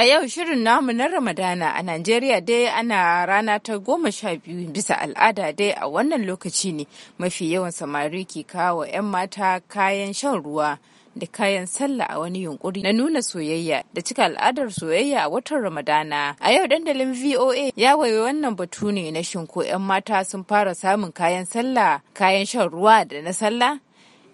A yau shirin namu na Ramadana a Najeriya dai ana rana ta goma sha biyu bisa al'ada dai a wannan lokaci ne mafi yawan samari ke kawo 'yan mata kayan shan ruwa da kayan sallah a wani yunkuri na nuna soyayya da cika al'adar soyayya a watan Ramadana. A yau dandalin VOA ya waye wannan batu ne na shinko 'yan mata sun fara samun kayan sallah, kayan shan ruwa da na sallah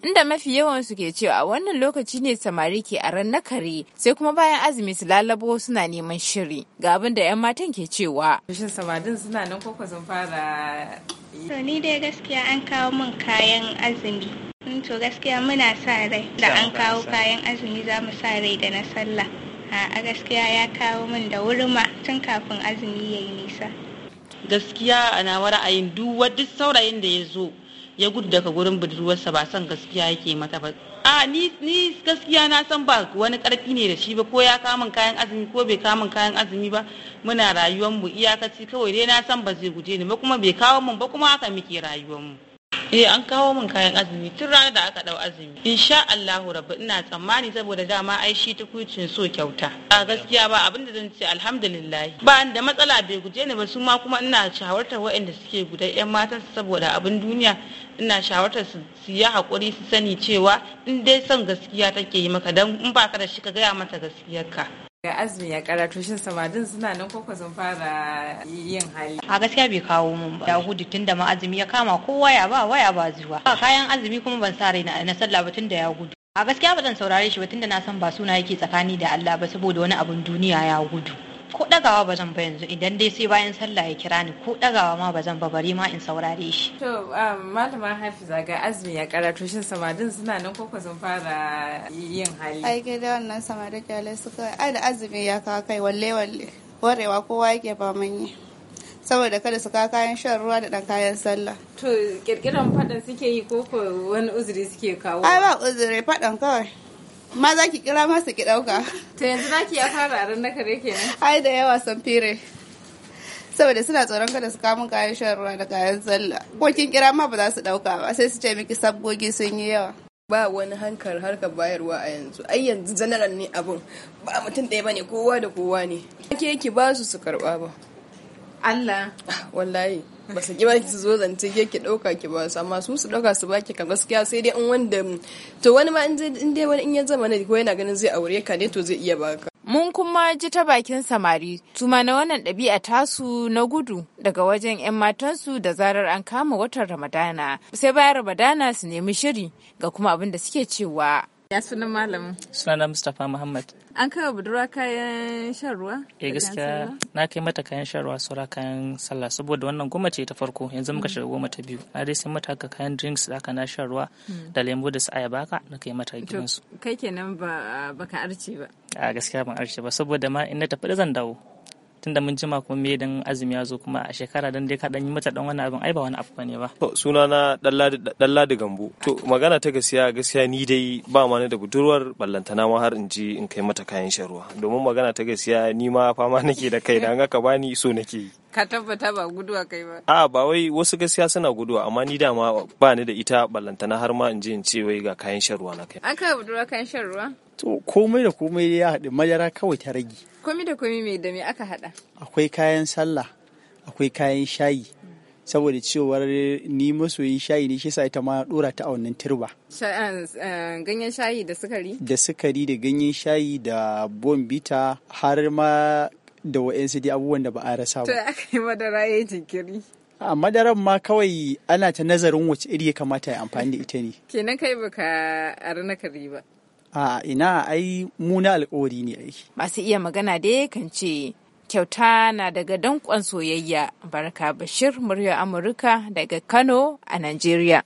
inda mafi yawan su ke cewa wannan lokaci ne samari ke a ran na kare sai kuma bayan azumi su lalabo suna neman shiri ga abin da 'yan matan ke cewa. Shin samadin suna nan koko sun fara. To ni dai gaskiya an kawo min kayan azumi. Mm, to gaskiya muna sa rai da an kawo kayan azumi za mu sa rai da na sallah. A gaskiya ya kawo min da wurma tun kafin azumi ya yi nisa. Gaskiya a nawa ra'ayin duk saurayin da ya zo ya gudu daga gurin budurwarsa ba son gaskiya yake mata ba a ni gaskiya na san ba wani karfi ne da shi ba ko ya kamun kayan azumi ko bai kamun kayan azumi ba muna rayuwar mu iyakaci kawai dai na san ba zai guje ni ba kuma bai kawo mun ba kuma haka muke rayuwar mu eh an kawo min kayan azumi tun ranar da aka dau azumi insha Allahu rabbi ina tsammani saboda dama ai shi tukucin so kyauta a gaskiya ba abinda zan ce alhamdulillah ba da matsala bai guje ni ba su ma kuma ina shawartar waɗanda suke gudan yan matan saboda abin duniya ina shawartar su yi hakuri su sani cewa in dai son gaskiya take yi maka dan in baka da shi ka gaya mata ka. ga azumi ya karatu shin samadin suna nan kwakwa sun fara yin hali a gaskiya bai kawo mun ba gudu tun da ma azumi ya kama ko waya ba waya ba zuwa ba kayan azumi kuma ban sa rai na sallah ba tun da ya gudu a gaskiya ba zan saurare shi ba tun da na san ba suna yake tsakani da Allah ba saboda wani abun duniya ya gudu ko dagawa ba zan ba yanzu idan dai sai bayan sallah ya kira ni ko dagawa ma ba zan ba bari ma in saurare shi to um, malama hafiza ga azumi ya to shin samadin suna nan ko koko sun fara yin hali ai ke da wannan samadin kyale suka ai da azumi ya kawo kai walle walle warewa kowa yake ba yi, saboda kada su kawo kayan shan ruwa da dan kayan sallah. To kirkiran fadan suke yi ko wani uzuri suke kawo? Ai ba uzuri fadan kawai. ma za ki kira masa ki ɗauka. To yanzu ki ya fara ran na kare kenan. Ai da yawa san fere. Saboda suna tsoron kada su kamun kayan shan ruwa da kayan sallah. Ko kin kira ma ba za su ɗauka ba sai su ce miki sabgogi sun yi yawa. Ba wani hankal harkar bayarwa a yanzu. Ai yanzu janaral ne abun. Ba mutum ɗaya bane kowa da kowa ne. ke ki ba su su karɓa ba. Allah. Ah, wallahi. ba su kiba ki zo zance ke ki dauka ki ba su amma su su dauka su baki kan gaskiya sai dai in wanda to wani ma in dai wani in ya zama ne ko yana ganin zai aure ka ne to zai iya baka mun kuma ji ta bakin samari tuma na wannan ɗabi'a tasu na gudu daga wajen 'yan matansu da zarar an kama watan ramadana sai bayan ramadana su nemi shiri ga kuma abin da suke cewa Ya sunan malamin? Sunana Mustapha Muhammad. An kai wa budurwa kayan shan ruwa? Eh, gaskiya na kai mata kayan shan ruwa saura kayan sallah saboda wannan goma ce ta farko yanzu muka mm. shiga goma ta biyu. Na dai sai mata haka kayan drinks da aka na shan ruwa mm. da lembu da su ayaba ka na kai mata gidansu. Kai kenan ba ka arce ba. A gaskiya ban arce ba saboda ma in na tafi da zan dawo. tunda mun jima kuma me dan azumi ya zo kuma a shekara dan dai ka dan yi mata dan wani abin ai ba wani abu bane ba to suna na dalladi gambo to magana ta gaskiya gaskiya ni dai ba ma ni da budurwar ballantana ma har in ji in kai mata kayan sharuwa domin magana ta gaskiya ni ma fama nake da kai dan haka bani so nake yi ka tabbata ba guduwa kai ba a ba wai wasu gaskiya suna guduwa amma ni dama ba ni da ita ballantana har ma in je in ce wai ga kayan sharuwa na kai an kai budurwa kayan sharuwa to komai da komai ya haɗu madara kawai ta rage komai da komai mai da me aka haɗa akwai kayan sallah akwai kayan shayi saboda cewar ni masoyin shayi ne shi sa ita ma ɗora ta a wannan turba eh, eh, ganyen shayi da sukari da sukari da ganyen shayi da bombita har ma da 'yan dai abubuwan da ba a rasa ba to aka yi madara ya jinkiri a madaran ma kawai ana ta nazarin wace iri ya kamata ya amfani da ita ne kenan kai baka arna kari ba a ina ai muna alkawari ne aiki. masu iya magana da kan ce kyauta na daga dankon soyayya barka bashir murya amurka daga kano a najeriya